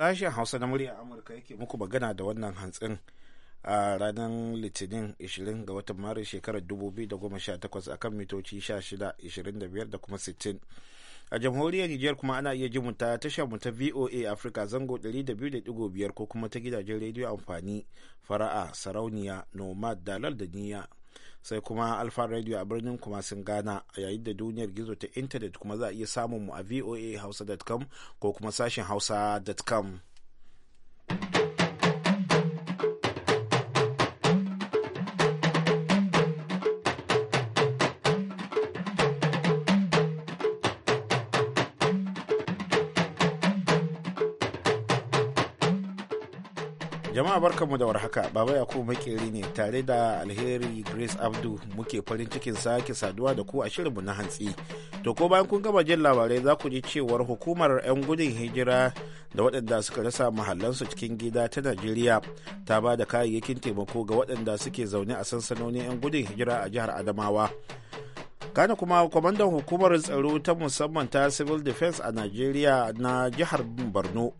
Sashen Hausa na murya Amurka yake muku magana da wannan hantsin a ranar Litinin 20 ga watan Maris shekarar 2018 kan mitoci 1625 da kuma 60. a jamhuriyar Nijar kuma ana iya jin ta tashar mu ta VOA afirka zango 200.5 ko kuma ta gidajen rediyo amfani fara'a sarauniya nomad dalar da niyya sai kuma alfa radio a birnin kuma sun gana yayin da duniyar gizo ta intanet kuma za a iya samun mu a voa hausa.com ko kuma sashen hausa.com jama'a barkanmu da warhaka baba yakubu makeri ne tare da alheri grace abdu muke farin cikin sake saduwa da ku a shirinmu na hantsi to ko bayan kun gama jin labarai za ku ji cewar hukumar 'yan gudun hijira da waɗanda suka rasa mahallansu cikin gida ta najeriya ta ba da kayayyakin taimako ga waɗanda suke zaune a sansanonin 'yan gudun hijira a jihar adamawa Gane kuma kwamandan hukumar tsaro ta musamman ta Civil Defense a Najeriya na jihar Borno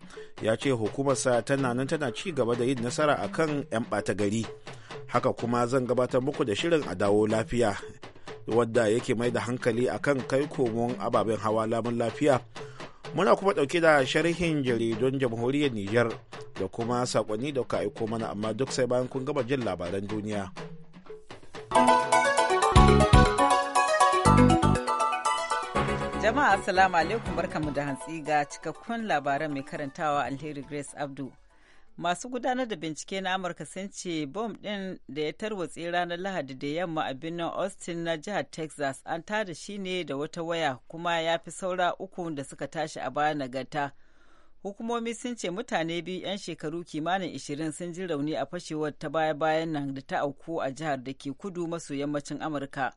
ya ce hukumarsa tana nan tana ci gaba da yin nasara akan 'yan ɓata gari. Haka kuma zan gabatar muku da shirin a dawo lafiya wadda yake mai da hankali a kan kai komon ababen hawa lamun lafiya. Muna kuma ɗauke da sharhin jaridun jamhuriyar Nijar da kuma sakonni da ka aiko mana amma duk sai bayan kun gama jin labaran duniya. Jama'a Assalamu alaikum barkamu da hantsi ga cikakkun labaran mai karantawa Alheri Grace Abdu. Masu gudanar da bincike na Amurka sun ce bom ɗin da ya tarwatse ranar Lahadi da yamma a birnin Austin na jihar Texas an tada shi ne da wata waya kuma ya fi saura uku da suka tashi a baya nagarta. Hukumomi sun ce mutane biyu 'yan shekaru kimanin ishirin sun ji rauni a fashewar ta baya-bayan nan da ta auku a jihar da ke kudu maso yammacin Amurka.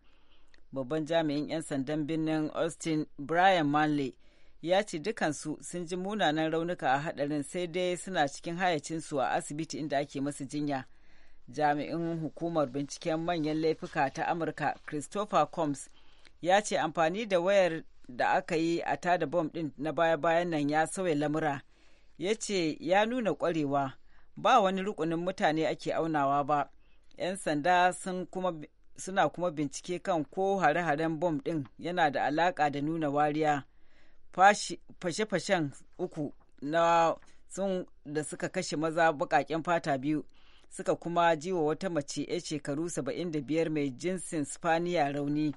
babban jami'in 'yan sandan birnin austin brian manley ya ce dukansu sun ji munanan raunuka a hadarin sai dai suna cikin hayacinsu a asibiti inda ake masu jinya jami'in hukumar binciken manyan laifuka ta amurka christopher combs ya ce amfani da wayar da aka yi a tada bom din na baya-bayan nan ya sauya lamura ya ce ya nuna kwarewa ba wani rukunin mutane ake aunawa ba 'yan sanda sun kuma suna kuma bincike kan ko hare-haren bom ɗin yana da alaƙa da nuna wariya fashe-fashen uku na sun da suka kashe maza baƙaƙen fata biyu suka kuma jiwa wata mace 'yar shekaru 75 mai jinsin spaniya rauni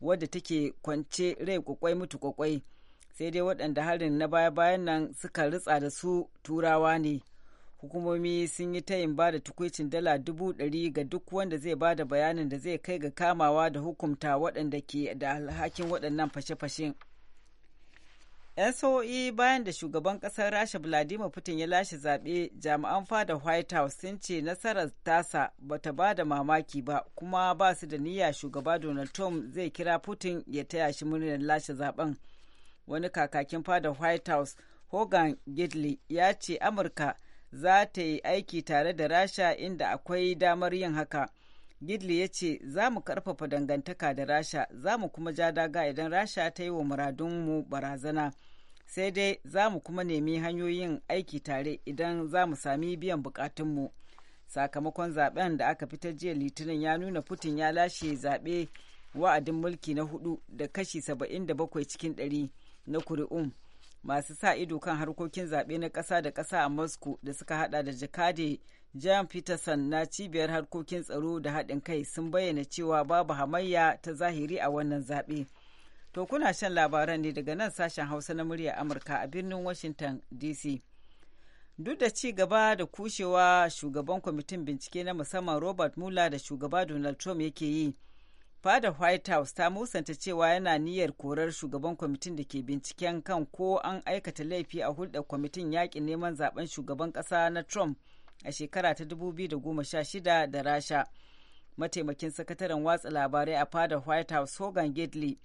wadda take kwance rai kwakwai mutu kwakwai sai dai waɗanda harin na baya-bayan nan suka ritsa da su turawa ne hukumomi sun yi tayin ba da tukwicin dala dubu ɗari ga duk wanda zai ba da bayanin da zai kai ga kamawa da hukumta waɗanda ke da alhakin waɗannan fashe-fashen. 'yan sa'o'i e bayan da shugaban ƙasar rasha vladimir putin ya lashe zaɓe jami'an fada white house sun ce nasarar tasa bata ba da mamaki ba kuma ba su da niyya shugaba donald trump zai kira putin ya taya shi murnar lashe zaben wani kakakin fada white house hogan gidley ya ce amurka za ta yi aiki tare da rasha inda akwai damar yin haka gidli ya ce za mu karfafa dangantaka da rasha za mu kuma ja daga idan rasha ta yi wa muradunmu barazana sai dai za mu kuma nemi hanyoyin aiki tare idan za mu sami biyan bukatunmu sakamakon zaben da aka fitar jiya litinin ya nuna putin ya lashe zaɓe wa'adin mulki na hudu da kashi 77 cikin 100 na kuri'un masu sa ido kan harkokin zaɓe na ƙasa da ƙasa a moscow da suka hada da jakade jan peterson na cibiyar harkokin tsaro da haɗin kai sun bayyana cewa babu hamayya ta zahiri a wannan zaɓe to kuna shan labaran ne daga nan sashen hausa na murya amurka a birnin washington dc duk da ci gaba da kushewa shugaban kwamitin bincike na musamman robert mueller da shugaba donald trump yake yi fada white house ta musanta cewa yana niyyar korar shugaban kwamitin da ke binciken kan ko an aikata laifi a hulɗar kwamitin yaƙin neman zaben shugaban ƙasa na trump a shekara ta 2016 da rasha mataimakin sakataren watsa labarai a fada white house hogan gidley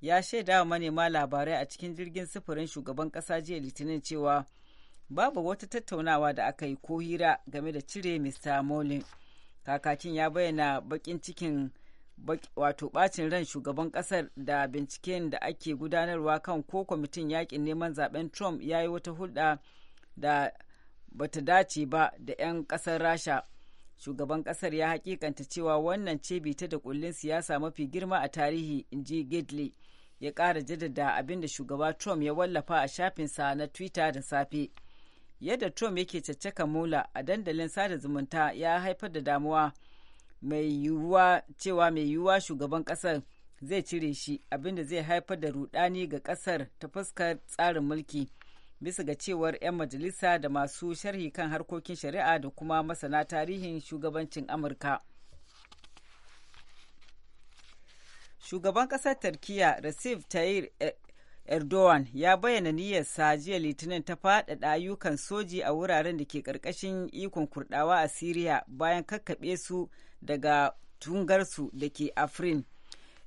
ya shaida wa manema labarai a cikin jirgin sufurin shugaban ƙasa jiya litinin cewa babu wata tattaunawa da aka yi ko hira game da cire mr molin kakakin ya bayyana baƙin cikin wato bacin ran shugaban kasar da binciken da ake gudanarwa kan ko kwamitin yakin neman zaben trump ya yi wata hulɗa da bata dace ba da 'yan kasar rasha shugaban kasar ya hakikanta cewa wannan ce bita da kullin siyasa mafi girma a tarihi in ji gidley ya ƙara jaddada abin da shugaba trump ya wallafa a shafinsa na twitter da safe yadda trump yake caccaka mola a dandalin sada zumunta ya haifar da damuwa mai yiwuwa cewa mai yiwuwa shugaban kasar zai cire shi abinda zai haifar da rudani ga kasar ta fuskar tsarin mulki bisa ga cewar 'yan majalisa da masu sharhi kan harkokin shari'a da kuma masana tarihin shugabancin amurka shugaban kasar turkiya recep tayyip e-, erdogan ya bayyana niyyarsa jiya litinin ta faɗaɗa ayyukan soji a wuraren da ke ƙarƙashin ikon kurɗawa a syria bayan kakkaɓe su daga tungarsu da ke afrin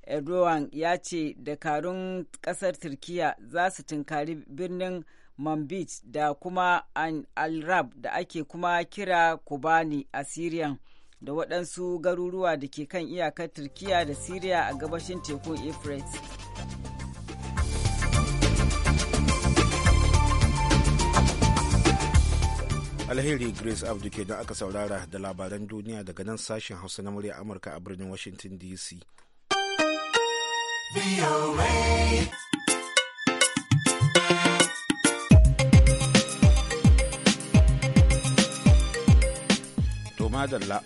erdogan ya ce dakarun kasar turkiya za su tunkari birnin manbij da kuma an alrab da ake kuma kira kubani a syrian da waɗansu garuruwa da ke kan iyakar turkiya da syria a gabashin tekun euphrates alheri grace abdu ke don aka saurara da labaran duniya daga nan sashen hausa na murya amurka a birnin washington dc to madalla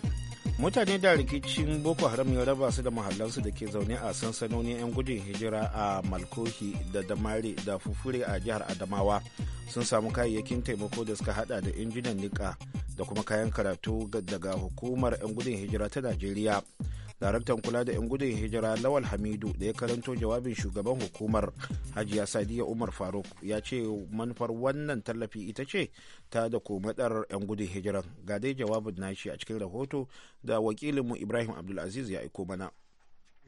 mutane da rikicin boko haram ya raba su da mahallansu da ke zaune a sansanoni 'yan gudun hijira a malkohi da damare da fufure a jihar adamawa sun samu kayayyakin taimako da suka hada da injinan niƙa da kuma kayan karatu daga hukumar 'yan gudun hijira ta najeriya daraktan kula da 'yan gudun hijira lawal hamidu da ya karanto jawabin shugaban hukumar hajiya sadiya umar faruk ya ce manufar wannan tallafi ita ce ta da komadar 'yan gudun hijiran ga dai jawabin nashi a cikin rahoto da wakilinmu ibrahim abdulaziz ya aiko mana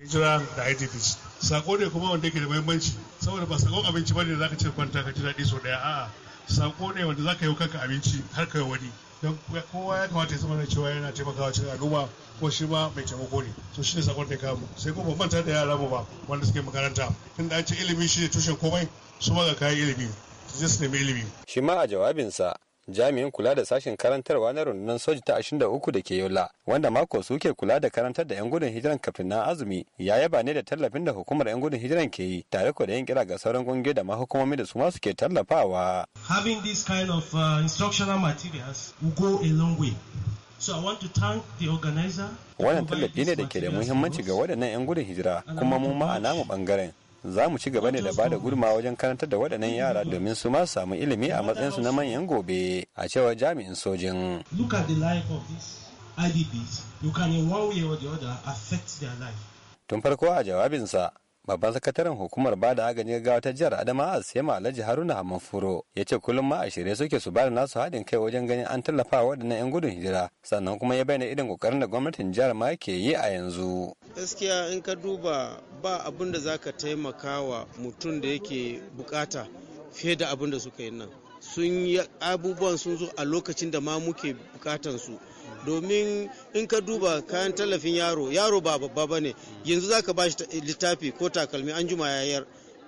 hijira da idps sako ne kuma wanda yake da muhimmanci saboda ba sakon abinci ne da zaka ce kwanta ka ji daɗi sau daya a'a sako ne wanda zaka yi kanka abinci har kai wani don kowa ya kamata ya zama da cewa yana taimakawa cikin al'umma ko shi ma mai taimako ne to shine sakon da kamu sai kuma manta da yara mu ba wanda suke makaranta tunda an ce ilimi ne tushen komai su ma ga kayan ilimi su je su nemi ilimi shi ma a jawabinsa jami'in kula da sashen karantarwa na rundunar soji ta 23 da ke yola wanda mako suke kula da karantar da 'yan gudun hijiran kafin na azumi ya yaba ne da tallafin da hukumar 'yan gudun hijiran ke yi tare da yin kira ga sauran kungiyoyi da mahukumomi da su ma suke tallafawa. Having this kind of uh, instructional materials will go a long way. So I want to thank the organizer. Wannan tallafi ne da ke da muhimmanci ga waɗannan 'yan gudun hijira kuma mu ma a namu ɓangaren za mu ci gaba ne da bada guduma wajen karantar da waɗannan yara domin su ma samu ilimi a matsayinsu na manyan gobe a cewar jami'in sojin. Tun farko a jawabinsa, babban sakataren hukumar ba da agajin gaggawa ta jihar adama asema alhaji haruna hamanfuro ya ce kullum ma a shirye suke su ba da nasu haɗin kai wajen ganin an tallafa waɗannan 'yan gudun hijira sannan kuma ya bayyana irin ƙoƙarin da gwamnatin jihar ma ke yi a yanzu gaskiya in ka duba ba abin da za ka taimaka wa mutum da yake bukata fiye da abin da suka yi nan sun yi abubuwan sun zo a lokacin da ma muke bukatan su domin in ka duba kayan tallafin yaro yaro ba babba ba ne yanzu za ka ba shi littafi ko takalmi an juma yayar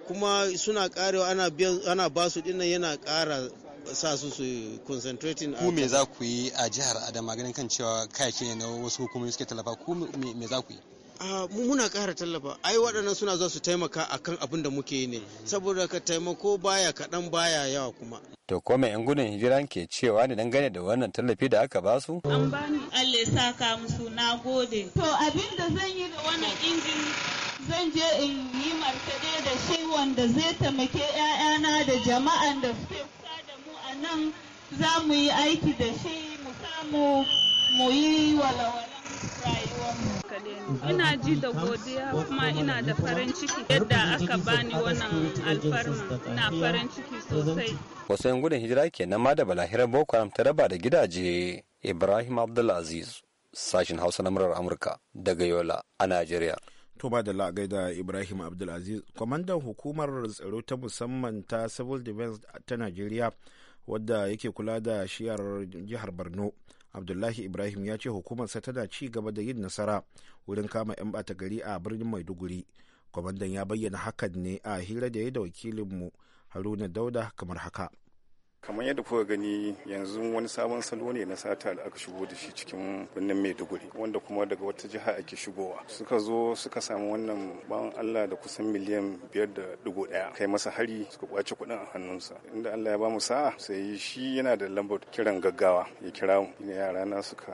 kuma suna karewa ana, basu ba su dinnan yana kara sa su su concentrating ku me za ku yi a jihar adama ganin kan cewa kayakin na wasu hukumomi suke tallafa ku me za ku yi Ah, muna ƙara tallafa ai waɗannan suna za su taimaka a kan abin da muke yi ne saboda ka taimako baya kaɗan baya yawa kuma to ko yan gudun hijiran ke cewa ne gane da wannan tallafi da aka basu an bani Allah ka musu na gode to abin da zan yi da wannan injin zan je in yi martade da shi wanda zai taimake 'ya'yana da jama'a da suke kusa da mu a nan za mu yi aiki da shi mu samu mu yi walwalan ina ji da godiya kuma ina da farin yadda aka bani wannan alfarma ina farin sosai wasu yan gudun hijira ke ma da balahirar boko ta raba da gidaje ibrahim abdulaziz sashin hausa na murar amurka daga yola a najeriya to ba da da ibrahim abdulaziz kwamandan hukumar tsaro ta musamman ta civil defense ta nigeria wadda yake kula da shiyar jihar borno abdullahi ibrahim ya ce hukumarsa tana ci gaba da yin nasara wurin kama 'yan bata gari a birnin maiduguri kwamandan ya bayyana hakan ne a hira da ya yi da wakilinmu haruna dauda kamar haka kamar yadda kuka gani yanzu wani sabon salo ne na sata da aka shigo da shi cikin birnin maiduguri wanda kuma daga wata jiha ake shigowa suka zo suka samu wannan bawan allah da kusan miliyan biyar da dugu daya kai masa hari suka kwace kuɗin a hannunsa inda allah ya bamu sa'a sai shi yana da lambar kiran gaggawa ya kira mu ne yara na suka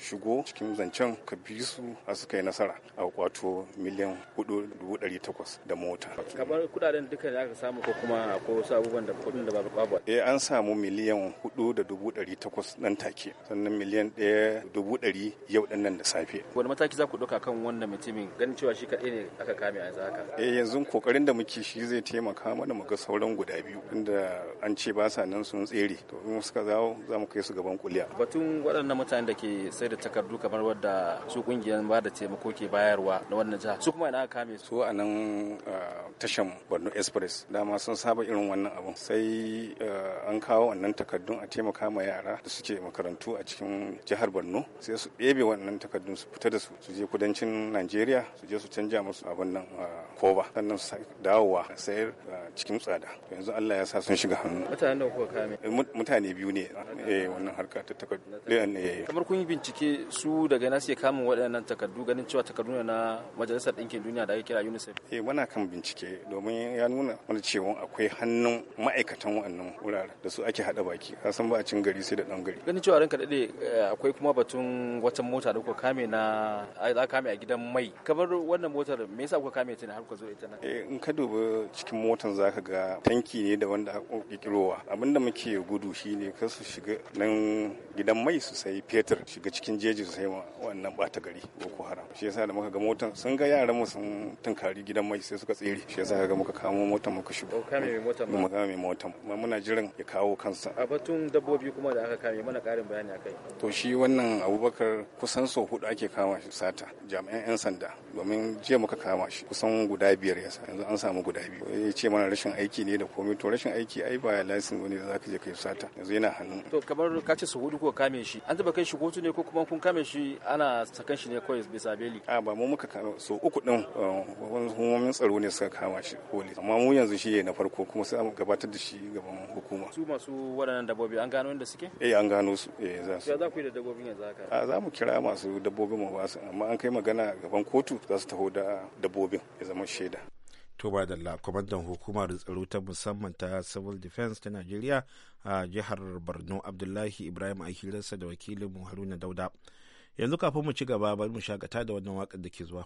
shigo cikin zancen ka bi su a suka yi nasara a kwato miliyan hudu dubu ɗari takwas da mota kamar kudaden duka da aka samu ko kuma akwai wasu abubuwan da kudin da babu eh, an samu miliyan hudu da dubu dari takwas nan take sannan miliyan ɗaya dubu dari yau dannan nan da safe. Wani mataki za ku ɗauka kan wannan mutumin ganin cewa shi kaɗai ne aka kame a yanzu haka? Eh yanzu kokarin da muke shi zai taimaka mana mu ga sauran guda biyu inda an ce ba sa nan sun tsere to in suka zawo za mu kai su gaban kuliya. Batun waɗannan mutanen da ke sai da takardu kamar wadda su ƙungiyar ba da taimako ke bayarwa na wannan jiha su kuma ina aka kame su a nan ah, tashan Borno Express dama sun saba irin wannan abun sai ah, an kawo wannan takardun a taimaka ma yara da suke makarantu a cikin jihar borno sai su ɗebe wannan takardun su fita da su su je kudancin najeriya su je su canja musu abin nan ah, koba sannan su dawowa sayar ah, cikin tsada yanzu allah ya sa sun shiga hannu mutanen da kuka kame eh, mutane biyu ne eh wannan harka ta takardu eh, eh. kamar kun yi bincike su daga na suke kamun waɗannan takardu ganin cewa takardu na majalisar ɗinkin duniya da ake kira unicef eh muna kan bincike domin ya nuna mana cewa akwai hannun ma'aikatan waɗannan wurare da su ake haɗa baki a san ba a cin gari sai da ɗan gari ganin cewa ranka daɗe eh, akwai kuma batun wata mota da kuka kame na za kame a gidan mai kamar wannan motar me yasa kuka kame ta ne har kuka zo ita nan eh in ka dubi cikin motan zaka ga tanki ne da wanda aka kikirowa abinda muke gudu shine ka su shiga nan gidan mai su sai fetur shiga cikin jeji su sai wannan bata gari boko haram shi yasa da muka ga motan. sun ga yaran mu sun tunkari gidan mai sai suka tsere shi yasa ga muka kamo motan muka shigo kame motan mu kame motar muna jiran ya kawo kansa a batun dabbobi kuma da aka kame mana karin bayani kai. to shi wannan abubakar kusan so hudu ake kama shi sata jami'an yan sanda domin jiya muka kama shi kusan guda biyar ya sa yanzu an samu guda biyu ya ce mana rashin aiki ne da komai to rashin aiki ai ba lasin wani da zaka je kai sata yanzu yana hannun to kamar ka ce su hudu ko kame shi an taba kai shi kotu ne ko kuma kun kame shi ana sakan shi ne kawai bisa beli a ba mu muka kama so uku din eh, hukumomin tsaro ne suka kama shi koli amma mu yanzu shi ne na farko kuma sai gabatar da shi gaban hukuma su masu waɗannan dabbobi an gano inda suke eh an gano su eh za su za ku yi da dabbobin yanzu haka a za mu kira masu dabbobin mu ba su amma an kai magana gaban kotu za su taho da dabbobin ya zama shaida to ba da kwamandan hukumar tsaro ta musamman ta civil defense ta najeriya a jihar borno abdullahi ibrahim akilarsa da wakilin mu haruna dauda yanzu kafin mu ci gaba bari mu shakata da wannan wakan da ke zuwa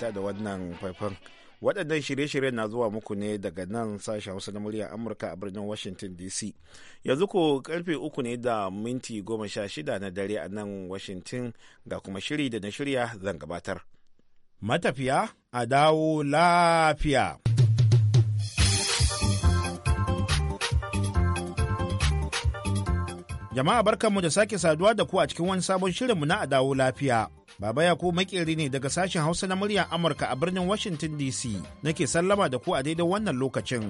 dakata da wannan faifan waɗannan shirye-shiryen na zuwa muku ne daga nan sashen hausa na murya amurka a birnin washington dc yanzu ko karfe uku ne da minti goma sha shida na dare a nan washington ga kuma shiri da na shirya zan gabatar matafiya a dawo lafiya Jama'a barkan mu da sake saduwa da ku a cikin wani sabon shirin mu na Adawo Lafiya. Baba Yakubu makeri ne daga sashen Hausa na muryar Amurka a birnin Washington DC. Nake sallama da ku a daidai wannan lokacin.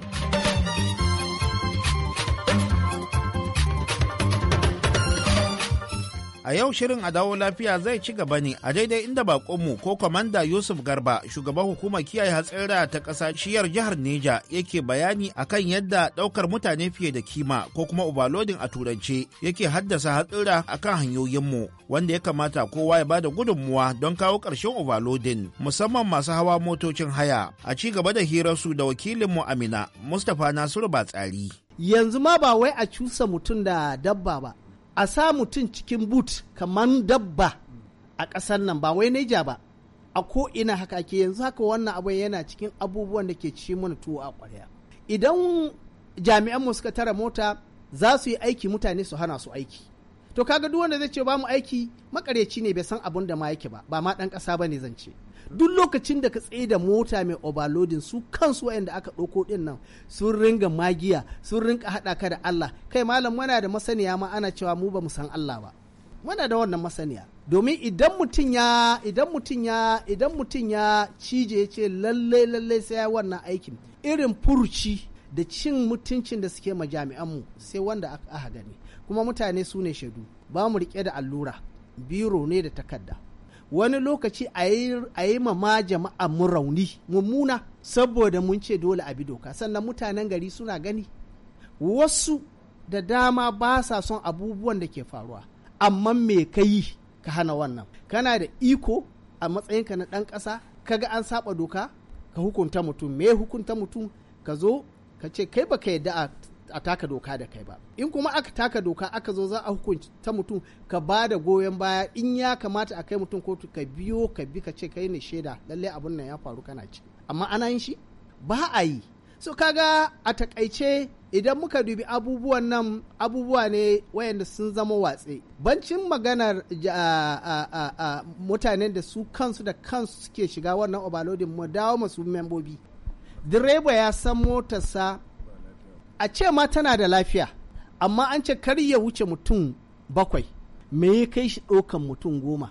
A yau shirin a dawo lafiya zai ci gaba ne a daidai inda bakonmu ko kwamanda Yusuf Garba shugaban hukumar kiyaye hatsira ta ƙasa shiyar jihar Neja yake bayani akan yadda ɗaukar mutane fiye da kima ko kuma overloading a turance yake haddasa hatsira akan hanyoyinmu wanda ya kamata kowa ya bada gudunmuwa don kawo ƙarshen overloading musamman masu hawa motocin haya a ci gaba da hirar su da wakilinmu Amina Mustapha Nasiru Batsari. Yanzu ma ba wai a cusa mutum da dabba ba, a sa mutum cikin but kamar dabba a ƙasar nan ba wai neja ba a ko ina haka ke yanzu haka wannan abu yana cikin abubuwan da ke ci mana tuwo a ƙwarya idan jami'an mu suka tara mota za su yi aiki mutane su hana su aiki to kaga duk wanda zai ce ba mu aiki makareci ne bai san abun da ma yake ba ba ma dan ƙasa ba ne zan ce duk lokacin da ka tsaye da mota mai overloading su kansu wayanda aka ɗauko ɗin nan sun ringa magiya sun ringa haɗa ka da Allah kai malam muna da masaniya ma ana cewa mu ba mu san Allah ba muna da wannan masaniya domin idan mutum ya idan mutum ya idan mutum ya cije ya ce lalle lalle sai ya wannan aikin irin furuci da cin mutuncin da suke mu sai wanda aka gani kuma mutane su ne shaidu ba mu rike da allura biro ne da takarda wani lokaci a yi ma jama'a mu rauni mummuna saboda mun ce dole a bi doka sannan mutanen gari suna gani wasu da dama ba sa son abubuwan da ke faruwa amma me ka yi ka hana wannan kana da iko a matsayinka na ɗan ƙasa ka ga an saba doka ka hukunta mutum me hukunta mutum ka zo ka ce kai baka yadda a a taka doka da kai ba in kuma aka taka doka aka zo za a hukunci ta mutum ka ba da goyon baya in ya kamata a kai mutum kotu ka biyo ka bi ka ce kai ne shaida lallai abun nan ya faru kana ci amma ana yin shi ba a yi so kaga a takaice idan muka dubi abubuwan nan abubuwa ne wayanda sun zama watse bancin maganar mutanen da su kansu da kansu suke shiga wannan obalodin mu dawo masu membobi direba ya san motarsa a ce ma tana da lafiya amma an ce kar ya wuce mutum bakwai me ya kai shi ɗaukan mutum goma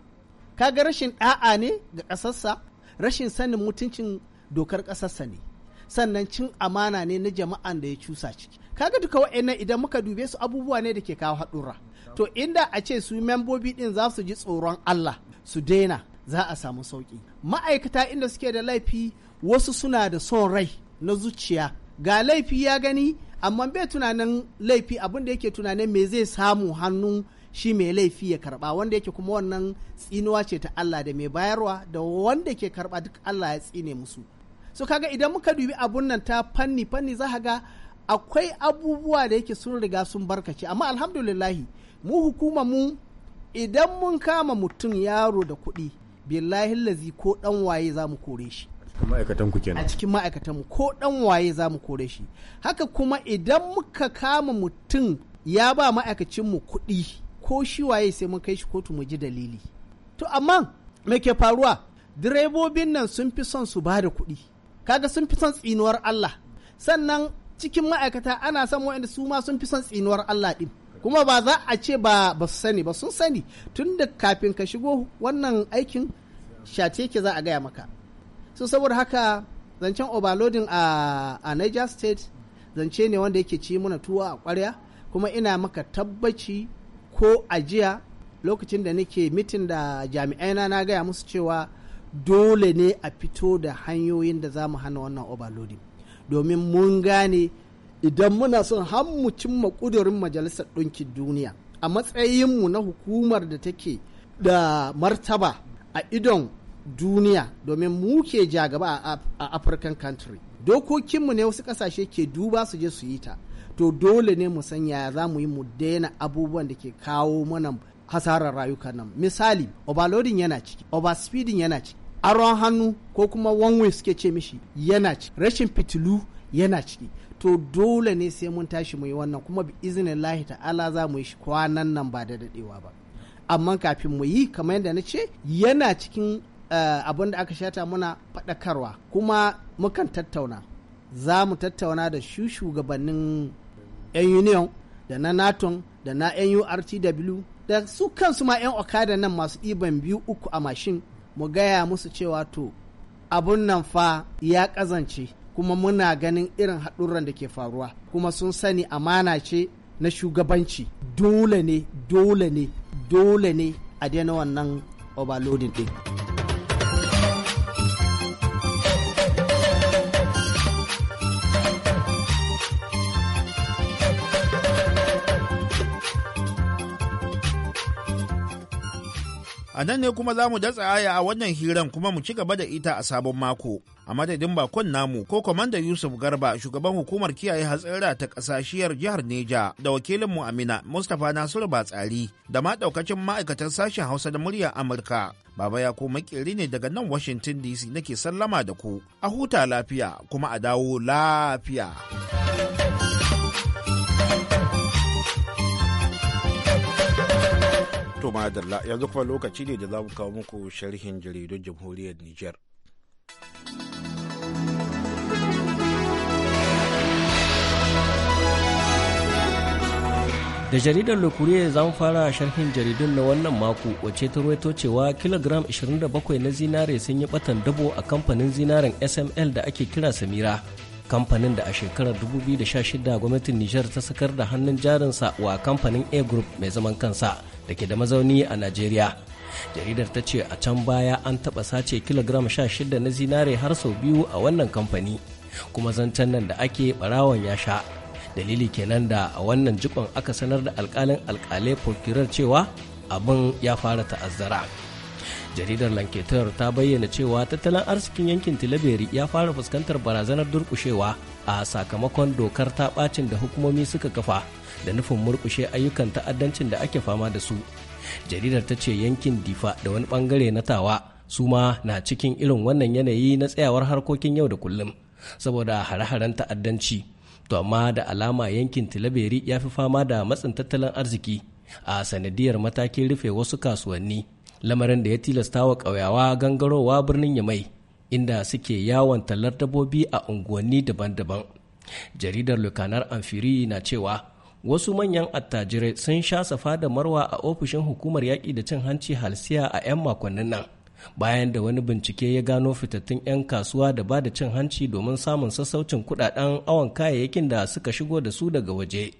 kaga rashin ɗa'a ne ga ƙasarsa rashin sanin mutuncin dokar ƙasarsa ne sannan cin amana ne na jama'an da ya cusa ciki kaga duka wa'annan idan muka dube su abubuwa ne da ke kawo haɗura to inda a ce su membobi ɗin za su ji tsoron Allah su daina za a samu sauƙi ma'aikata inda suke da laifi wasu suna da son rai na zuciya ga laifi ya gani amma bai tunanin laifi abin da yake tunanin me zai samu hannu shi mai laifi ya karba wanda yake kuma wannan tsinuwa ce ta Allah da mai bayarwa da wanda ke karba duk Allah ya tsine musu so kaga idan muka dubi abun nan ta fanni fanni za ga akwai abubuwa da yake sun riga sun barkace amma alhamdulillahi mu hukuma mu idan mun kama mutum yaro da kuɗi billahi lazi ko dan waye za mu kore shi ma'aikatan kenan a cikin ma'aikatan mu ko dan waye za mu kore shi haka kuma idan muka kama mutum ya ba ma'aikacin mu kuɗi ko shi waye sai mun kai shi kotu mu ji dalili to amma me ke faruwa direbobin nan sun fi son su ba da kuɗi kaga sun fi son tsinuwar Allah sannan cikin ma'aikata ana son waɗanda su ma sun fi son tsinuwar Allah din kuma ba za a ce ba ba su sani ba sun sani tun kafin ka shigo wannan aikin shace ke za a gaya maka so saboda haka zancen overloading a, a niger state zance ne wanda yake ci muna tuwa a kwarya kuma ina maka tabbaci ko ajiya lokacin da nake mitin da jami'aina na gaya musu cewa dole ne a fito da hanyoyin da za mu hana wannan overloading domin mun gane idan muna son har mu cimma ƙudurin majalisar ɗinkin duniya a matsayinmu na hukumar da take da martaba a idon duniya domin muke ke ja gaba a, african country dokokinmu ne wasu kasashe ke duba su je su yi ta to dole ne mu san yaya za mu yi mu daina abubuwan da ke kawo mana hasarar rayuka nan misali overloading yana ciki overspeeding yana ciki aron hannu ko kuma one way suke ce mishi yana ciki rashin fitilu yana ciki to dole ne sai mun tashi mu yi wannan kuma bi izinin lahi ta'ala za mu yi shi kwanan nan ba da dadewa ba amma kafin mu yi kamar yadda na ce yana cikin Eh, abin da aka shata muna faɗakarwa kuma mukan tattauna za mu tattauna da shu shugabannin 'yan union da na naton da na nurtw da su kansu ma 'yan okada nan masu iban biyu uku a mashin mu gaya musu cewa to abun nan fa ya ƙazance kuma muna ganin irin haɗurran da ke faruwa kuma sun sani amana ce na shugabanci dole ne dole ne dole ne a daina wannan overloading ɗin. A nan ne kuma za mu datsa aya a wannan hiran kuma mu ci gaba da ita a sabon mako. A madadin bakon namu ko Kwamandan Yusuf Garba shugaban hukumar kiyaye hatsira ta kasashiyar jihar Neja da wakilin wakilinmu Amina Mustapha Nasiru Batsari da ma daukacin ma'aikatan sashen Hausa da muryar Amurka. Baba ya ko makeri ne daga nan Washington DC nake sallama da ku. A huta lafiya kuma a dawo lafiya. To madalla yanzu kuma lokaci ne da za mu kawo muku sharhin jaridun jamhuriyar Nijar. da jaridar lokuriya za mu fara sharhin jaridun na wannan mako wace ta ruwaito cewa kilogram 27 na zinare sun yi batan dabo a kamfanin zinaren sml da ake kira samira kamfanin da a shekarar 2016 gwamnatin nijar ta sakar da hannun jarinsa wa kamfanin a group mai zaman kansa da ke da mazauni a Najeriya. Jaridar ta ce a can baya an taɓa sace kilogram 16 na zinare har sau biyu a wannan kamfani, kuma zancen nan da ake ɓarawon ya sha. Dalili kenan da a wannan jikon aka sanar da alkalin alkalai procurer cewa abin ya fara ta'azzara. jaridar lanketar ta bayyana cewa tattalin arzikin yankin tilaberi ya fara fuskantar barazanar durƙushewa a sakamakon dokar ta bacin da hukumomi suka kafa da nufin murkushe ayyukan ta'addancin da ake fama da su jaridar ta ce yankin difa da wani bangare na tawa su ma na cikin irin wannan yanayi na tsayawar harkokin yau da kullum saboda hare-haren ta'addanci to amma da alama yankin tilaberi ya fi fama da matsin tattalin arziki a sanadiyar matakin rufe wasu kasuwanni lamarin da ya tilasta wa ƙauyawa gangarowa birnin yamai inda suke yawon tallar dabobi a unguwanni daban-daban jaridar lukanar amfiri na cewa wasu manyan attajirai sun sha safa da marwa a ofishin hukumar yaƙi da cin hanci halsiya a 'yan makonnin nan bayan da wani bincike ya gano fitattun 'yan kasuwa da ba da cin hanci domin samun sassaucin kudaden awon kayayyakin da suka shigo da su daga waje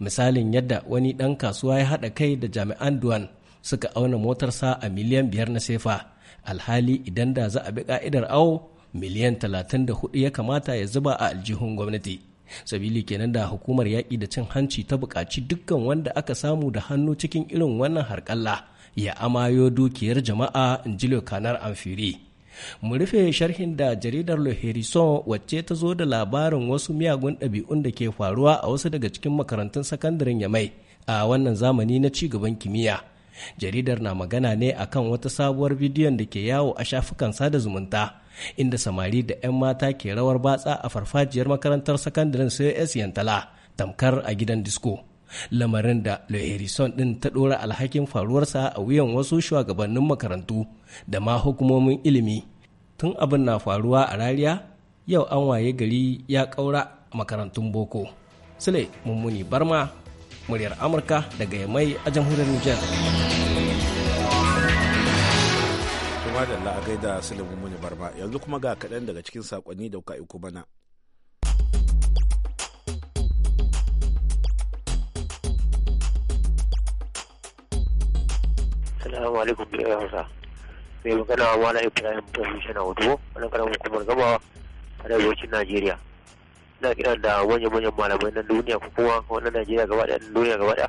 misalin yadda wani ɗan kasuwa ya haɗa kai da jami'an duwan suka auna motarsa a miliyan biyar na sefa alhali idan da za a bi ka'idar awo miliyan talatin da hudu ya kamata ya zuba a aljihun gwamnati sabili kenan da hukumar yaƙi da cin hanci ta buƙaci dukkan wanda aka samu da hannu cikin irin wannan harƙalla ya amayo dukiyar jama'a in ji kanar amfiri mu rufe sharhin da jaridar le harrison wacce ta zo da labarin wasu miyagun ɗabi'un da ke faruwa a wasu daga cikin makarantun sakandaren yamai a wannan zamani na ci gaban kimiyya jaridar na magana ne akan wata sabuwar bidiyon da ke yawo a shafukan sada zumunta inda samari da 'yan mata ke rawar batsa a farfajiyar makarantar sakandaren CS Yantala tamkar a gidan disco Lamarin da Le Harrison ɗin ta ɗora alhakin faruwarsa a wuyan wasu shugabannin makarantu da ma hukumomin ilimi. Tun abin na faruwa a rariya, yau an waye gari ya ƙaura makarantun boko. Sule Mummuni Barma, muryar Amurka daga Yamai a jamhuriyar Nijar. da a gaida Sulaimu Muni Barba yanzu kuma ga kaɗan daga cikin sakonni da kuka iko mana. Salamu alaikum da Hausa. Mai magana wa Mala Ibrahim Tafi Shana Hudu, wani karamin hukumar gaba a arewacin Najeriya. Ina kiran da manya-manyan malamai na duniya ko kuma wani Najeriya gaba da duniya gaba da.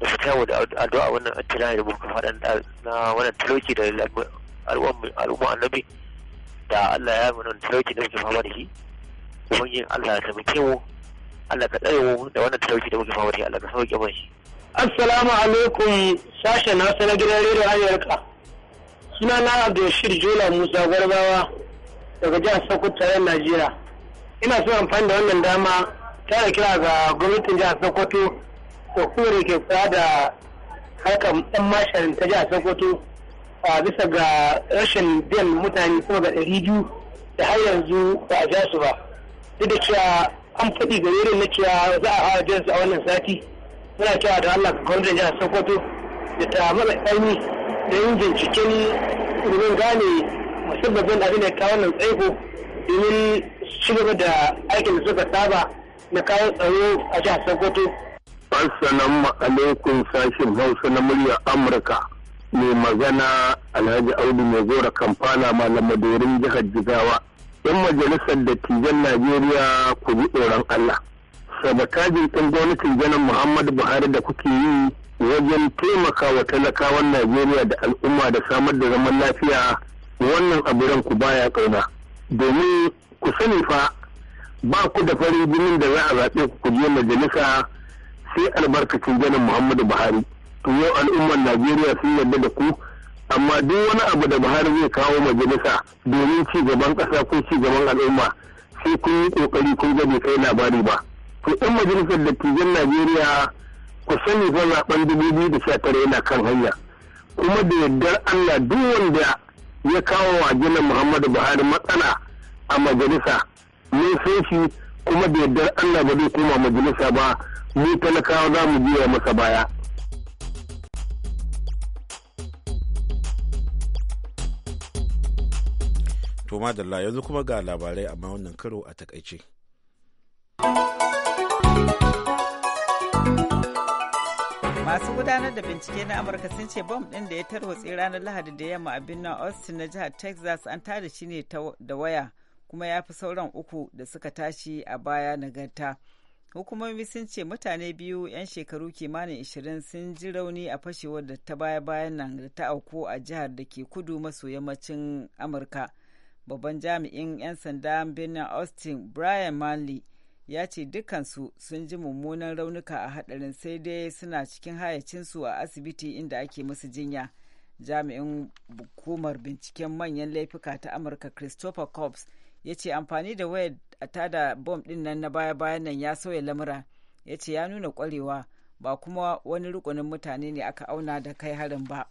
da fita wa addu'a wannan attila da muka faɗa na wannan talauci da al'umma annabi da Allah ya mu nan talauci da muke fama da shi ubangijin Allah ya taimake mu Allah ka tsare mu da wannan talauci da muke fama da shi Allah ka sauke mu shi assalamu alaikum sashen hausa na gidan rediyo amurka suna na abdulrashid jola musa gwarbawa daga jihar sokoto tarayyar najeriya ina so amfani da wannan dama tare kira ga gwamnatin jihar sokoto da kuma da ke kula da harkar ɗan masharin ta jihar sokoto a bisa ga rashin biyan mutane kuma ga ɗari biyu da har yanzu ba a ja su ba duk da cewa an faɗi ga yurin na cewa za a hawa jinsu a wannan sati muna cewa da Allah ka da jihar Sokoto da ta matsa ƙarni da yin binciken domin gane musabbabin abin da ta wannan tsaiko domin ci gaba da aikin da suka saba na kawo tsaro a jihar Sokoto. Assalamu alaikum sashin Hausa na murya Amurka. mai magana alhaji audu mai zora kamfana malamadorin jihar jigawa yan majalisar dattijan najeriya ku ji tsoron allah sabatajin kan gwamnatin janar muhammadu buhari da kuke yi wajen taimaka wa talakawan najeriya da al'umma da samar da zaman lafiya wannan aburan ku baya kauna domin ku sani fa ba ku da fari jinin da za a zaɓe ku je majalisa sai albarkacin janar muhammadu buhari wato yau al'ummar najeriya sun yarda da ku amma duk wani abu da buhari zai kawo majalisa domin ci gaban ƙasa ko ci gaban al'umma sai kun yi ƙoƙari kun ga bai kai labari ba to in majalisar dattijan najeriya ku sani fa zaben dubu biyu da sha yana kan hanya kuma da yardar allah duk wanda ya kawo wa gina muhammadu buhari matsala a majalisa mun san shi kuma da yardar allah ba zai koma majalisa ba mu talakawa za mu biya masa baya to madalla yanzu kuma ga labarai amma wannan karo a takaice masu gudanar da bincike na amurka sun ce bom ɗin da ya tarwatse ranar lahadi da yamma a birnin austin na jihar texas an tada shi ne da waya kuma ya fi sauran uku da suka tashi a baya nagarta hukumomi sun ce mutane biyu 'yan shekaru kimanin ashirin sun ji rauni a fashewar da ta baya bayan nan da ta auku a jihar da ke kudu maso yammacin amurka babban jami'in 'yan sanda birnin austin brian manley ya ce dukansu sun ji mummunan raunuka a hadarin sai dai suna cikin hayacinsu a asibiti inda ake musu jinya jami'in hukumar binciken manyan laifuka ta amurka christopher cobbs ya ce amfani da wayar a tada bom din nan na baya-bayan nan ya sauya lamura ya ce ya nuna kwarewa ba kuma wani rukunin mutane ne aka auna da kai harin ba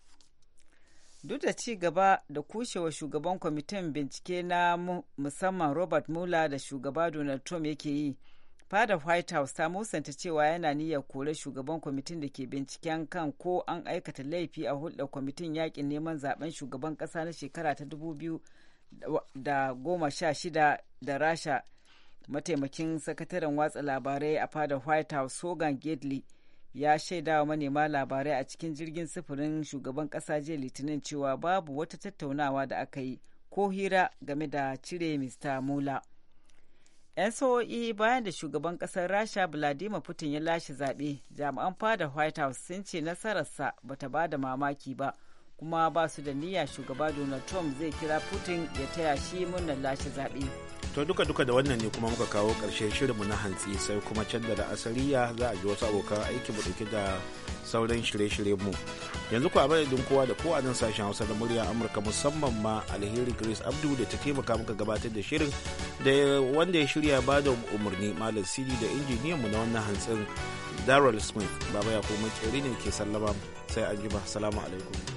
duk da ci gaba da kushewa shugaban kwamitin bincike na musamman robert mueller da shugaba donald trump yake yi fada white house ta musanta cewa yana niyyar kore shugaban kwamitin da ke binciken kan ko an aikata laifi a hulɗa kwamitin yakin neman zaben shugaban ƙasa na shekara ta 2016 da da rasha mataimakin sakataren watsa labarai a fada white house sogan gately ya shaida wa manema labarai a cikin jirgin sufurin shugaban ƙasa jiya litinin cewa babu wata tattaunawa da aka yi ko hira game da cire mr mula 'yan sa'o'i e bayan da shugaban kasar rasha vladimir putin ya lashe zaɓe jami'an fada white house sun ce nasararsa bata ba da mamaki ba kuma ba su da niyya shugaba donald trump zai kira putin ya taya shi murnar lashe zaɓe to duka duka da wannan ne kuma muka kawo ƙarshen shirinmu na hantsi sai kuma can da ya za a ji wasu abokan aiki mu dauke da sauran shirye-shiryen mu yanzu ku a madadin kowa da kowa nan sashen hausa da murya amurka musamman ma alheri grace abdu da ta taimaka muka gabatar da shirin da wanda ya shirya ba da umarni malam sidi da injiniyan mu na wannan hantsin darrell smith baba ya kuma ne ke sallama sai an ba salamu alaikum